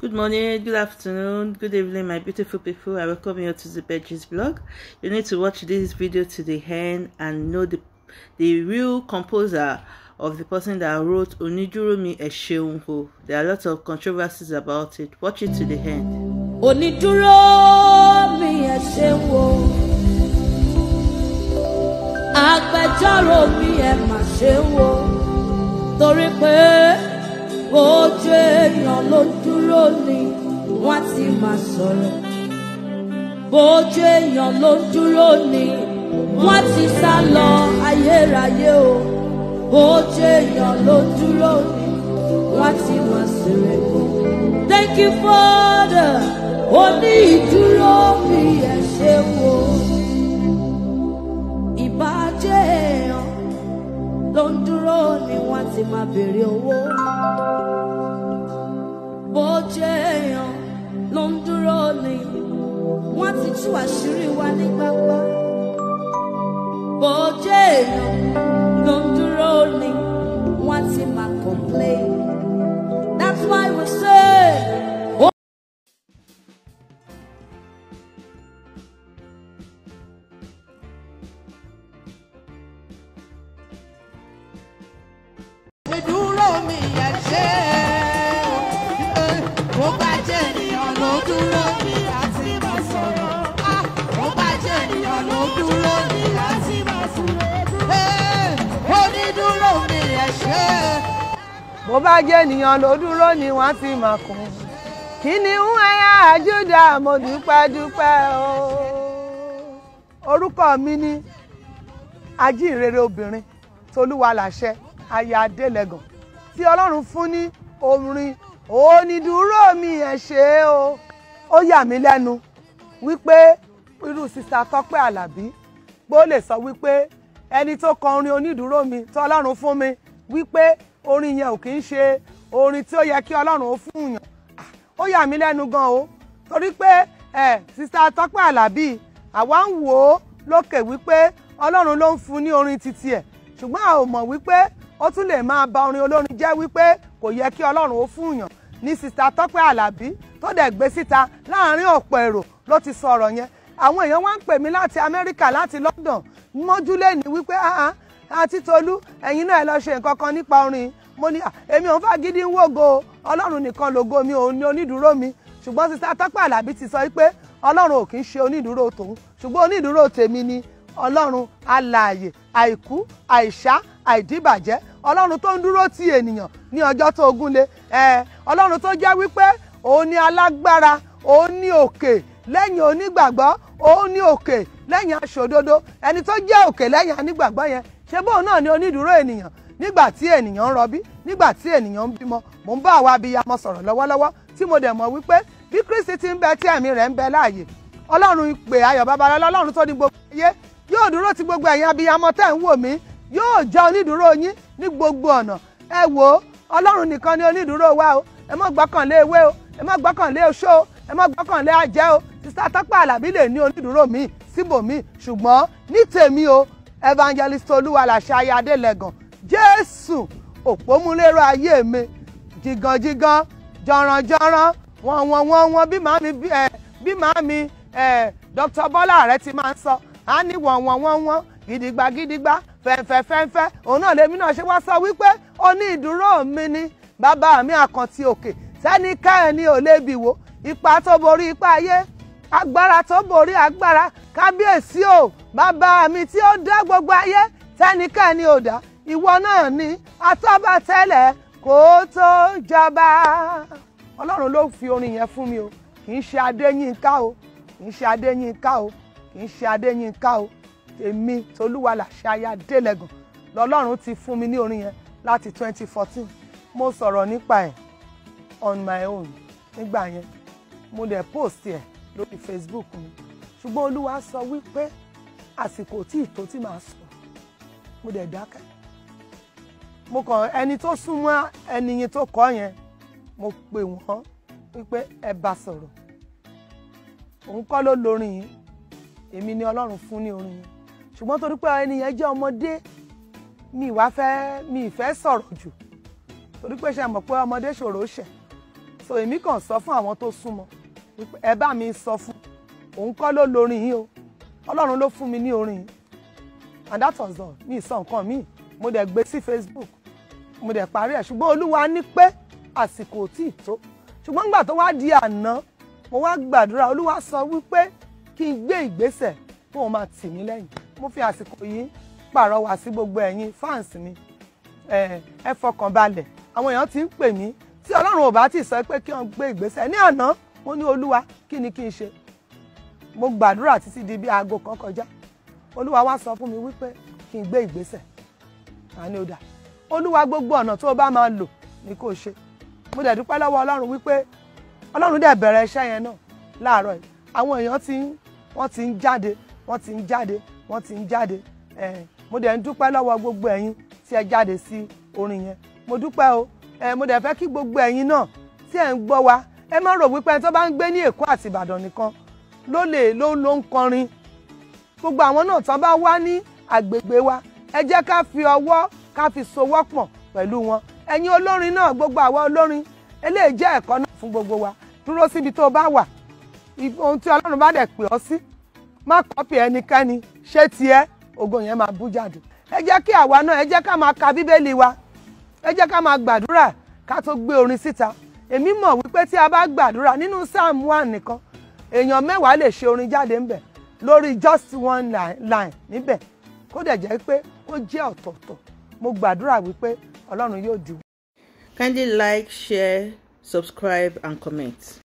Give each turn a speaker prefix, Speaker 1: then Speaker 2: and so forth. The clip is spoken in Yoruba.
Speaker 1: Good morning, good afternoon, good evening, my beautiful people. I welcome you to the Veggies blog. You need to watch this video to the end and know the the real composer of the person that wrote Onijuro Mi Esheunho. There are lots of controversies about it. Watch it to the end. Onijuro Mi Esheunho Agbẹjọ́rò mi torí pé kúrò ni wọ́n ti máa sọ̀rọ̀ bójú èèyàn ló dúró ni wọ́n ti sá lọ ayérayé o bójú èèyàn ló dúró ni wọ́n ti máa sèrè thank you father ó ní ìdúró mi ẹ̀ ṣe wo ìbàjẹ́ èèyàn ló dúró ni wọ́n ti máa béèrè owó. tú wa ní pápá. Bọ̀dé èèyàn ló ń dúró ni papa complain. That's why we say.
Speaker 2: bó bá jẹ́ ènìyàn ló dúró ni wọ́n ti mọ̀ kún kìnìún ẹ̀yà àjúdà mo dúpẹ́ dúpẹ́ o orúkọ mi ni ajínrere obìnrin tolúwa làṣẹ aya adélẹ́gàn tí ọlọ́run fún ní orin onídùúró mi ẹ̀ ṣe o ó yà mí lẹ́nu wípé irú sista tọ́pẹ́ àlàbí gbó lè sọ wípé ẹni tó kọ onídùúró mi tọ́lọ́run fún mi wípé orin yẹn ò kì í ṣe orin tí ó yẹ kí ọlọ́run ó fún yàn ah, ó yà mí lẹ́nu gan o torí pé ẹ sista Tọ́pẹ́ Àlàbí àwa ń wò ó lókè wípé ọlọ́run ló ń fún ní orin titi ẹ̀ ṣùgbọ́n a ò wípé ó tún lè máa ba orin olórin jẹ́ wípé kò yẹ kí ọlọ́run ó fún yàn ní sista Tọ́pẹ́ Àlàbí tó dẹ̀ gbé síta láàrin ọ̀pọ̀ èrò ló ti sọ ọ̀rọ̀ yẹn àwọn èèyàn wá ń pè mí láti Amẹ́ríkà láti London mọ́júlé ni wípé ah ah àti Tolú ẹ̀yin náà ẹ lọ ṣe nǹkan kan nípa orin mo ní èmi ò ń fagídí ń wògo Ọlọ́run nìkan lògo mi òun ni onídùúró mi ṣùgbọ́n sísá Tọ́pẹ́ Àlàbí ti sọ pé Ọlọ́run ò kì í ṣe onídùúró tòun ṣùgbọ́n onídùúró tèmi ni Ọlọ́run alààyè àìkú àìṣá àìdíbàjẹ́ Ọlọ́run tó ń dúró ti ènìyàn ní ọjọ́ tó ogúnlé Ọlọ́run tó jẹ́ wípé òun ni alágbára òun ni òkè lẹ́yìn onígbàgbọ́ òun ni òkè lẹ́yìn aṣòdodo ẹni tó jẹ́ òkè lẹ́yìn anígbàgbọ́ yẹn ṣé bóun náà ni onídùúró ènìyàn nígbà tí ènìyàn ń rọbí nígbà tí ènìyàn ń bímọ mò ń bá àwa abiyamọ sọ̀rọ̀ lọ́wọ́lọ́wọ́ tí mo dẹ̀ mọ̀ wípé bí Kristi ti ń bẹ tí ẹ̀mí rẹ̀ ń bẹ láàyè Ọlọ́run ìpè ayọ̀ babalọ́lá Ọlọ́run tó ní gbogbo ayé yóò dúró ti gbogbo ẹ̀yin abiyamọ tẹ́ ń wò mí yóò jẹ́ onídùúró yín ní gbogbo ọ̀nà ẹ wò ó Ọlọ́run nìkan ni onídùúró wa o ẹ má gbọ́kànlé ewé o ẹ má gbọ́kànlé oṣó o ẹ má gbọ́kànlé àjẹ́ o sísá Tọ́pẹ́ Àlàbí lè ní onídùúró mi síbòmí ṣùgbọ́n ní tèmi o evangelist olúwaláṣẹ ayé adélẹ́gàn jésù òpómúlérò ayé mi jìgànjìgàn jọ̀rànjọ̀ràn wọ́n wọ́n wọ́n wọ́n bí màámi bí màámi dr bọ́lá rẹ ti máa ń sọ á ní wọ́n wọ́n wọ́n wọ́n gidigba gidigba fẹ̀fẹ̀fẹ̀fẹ̀ òun náà lèmi náà ṣe wá sọ wípé ó ní ìdúró mi ni bàbá mi àkàntì òkè sẹ́ni káyọ̀ ni ò lè bìwò ipa tó borí ipa ayé agbára tó borí agbára kábíyèsí o bàbá mi tí ó dá gbogbo ayé tẹnikẹ́ni ò dá ìwọ náà ni atọ́ba tẹ́lẹ̀ kó tó jọba. ọlọ́run ló fi orin yẹn fún mi o kì í ṣe adéyínká o kì í ṣe adéyínká o kì í ṣe adéyínká o èmi tolúwa làṣẹ aya délẹ̀gàn lọ́lọ́run ti fún mi ní orin yẹn láti 2014 mo sọ̀rọ̀ nípa ẹ̀ on my own nígbà yẹn mo dẹ̀ post ẹ̀ lórí Facebook mi ṣùgbọ́n olúwa sọ wípé àsìkò tí ìtò tí màá sọ mo dẹ̀ dákẹ́ mo kàn ẹni tó súnmọ́ ẹni yẹn tó kọ́ yẹn mo pè wọ́n wípé ẹ bá sọ̀rọ̀ òun kọ́ ló lórin yìí èmi ni ọlọ́run fún ní orin yìí ṣùgbọ́n torí pé ẹni yẹn jẹ́ ọmọdé mi ìwà fẹ́ mi ìfẹ́ sọ̀rọ̀ jù torí pé ṣe mọ̀ pé ọmọdé ṣòro ṣẹ̀ so èmi kàn sọ fún àwọn tó súnmọ́ ẹ bá mi sọ fún òun kọ́ ló lorin yìí o ọlọ́run ló fún mi ní orin and that was all mi sọ nǹkan mi mo dẹ̀ gbé sí Facebook mo dẹ̀ parí ẹ̀ ṣùgbọ́n olúwa ní pé àsìkò tí ì tó ṣùgbọ́n nígbà tó wá di àná mo wá gbàdúrà olúwa sọ wípé kí n gbé ìgbésẹ̀ kó o máa tì mí lẹ́yìn mo fi àsìkò yìí pàrọwà sí gbogbo ẹ̀yin fans mi ẹ fọkàn balẹ̀ àwọn èèyàn ti ń pè mí tí ọlọ́run ò bá ti sọ pé kí wọ́n gbé ìgbésẹ̀ ní àná mo ní olúwa kí ni kí n ṣe mo gbàdúrà títí di bí aago kan kọjá olúwa wá sọ fún mi wípé kí n gbé ìgbésẹ̀ àní ó dà olúwa gbogbo ọ̀nà tó o bá máa lò ni kò ṣe mo dẹ̀ dúpẹ́ lọ́wọ́ ọlọ́run wípé ọlọ́run dẹ̀ bẹ̀rẹ̀ iṣẹ́ yẹn náà láàárọ̀ yìí àwọn èèyàn ti ń wọ́n ti ń jáde wọ́n ti ń jáde wọ́n ti ń jáde mo dẹ̀ ń dúpẹ́ lọ́wọ́ gbogbo ẹ̀yin tí ẹ jáde sí orin yẹn mo dúpẹ́ o mo dẹ̀ fẹ́ kí gbogbo ẹ̀yin náà tí ẹ ń gbọ́ wa ẹ má rò wípé ẹni tó bá ń gbé ní èkó àti ìbàdàn nìkan ló lè ló ló ń kọrin gbogbo àwọn náà tán bá wá ní àgbègbè wa ẹ jẹ́ ká fi ọwọ́ ká fi sowọ́ pọ̀ pẹ̀lú wọn ẹ̀yin olórin náà gbogbo àwa olórin eléyìí jẹ́ ẹ̀kọ́ náà fún gbogbo wa dúró síbi tó bá wà ohun tí ọlọ́run bá dẹ̀ pè ọ́ sí má kọ́pì ẹnikẹ́ni ṣé tiẹ̀ ògo yẹn máa bú jáde ẹ jẹ́ kí àwa náà ẹ jẹ́ ká máa ka bíbélì wa ẹ jẹ́ ká máa gbàdúrà ká tó gbé orin síta èmi mọ̀ wípé tí a bá gbàdúrà nínú sáàmù wà nìkan èèyàn mẹ́wàá lè ṣe orin jáde ńbẹ̀ lórí just one line, line níbẹ̀ kó dẹ̀ jẹ́ pé kó jẹ́ ọ̀tọ̀ọ̀tọ̀ mo gbàdúrà wípé ọlọ́run yóò dìbò. Kindly like, share, subscribe and comment.